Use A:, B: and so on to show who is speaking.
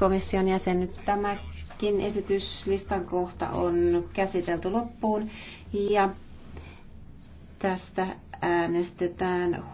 A: komission jäsen. Nyt tämäkin esityslistan kohta on käsitelty loppuun ja tästä äänestetään huomioon.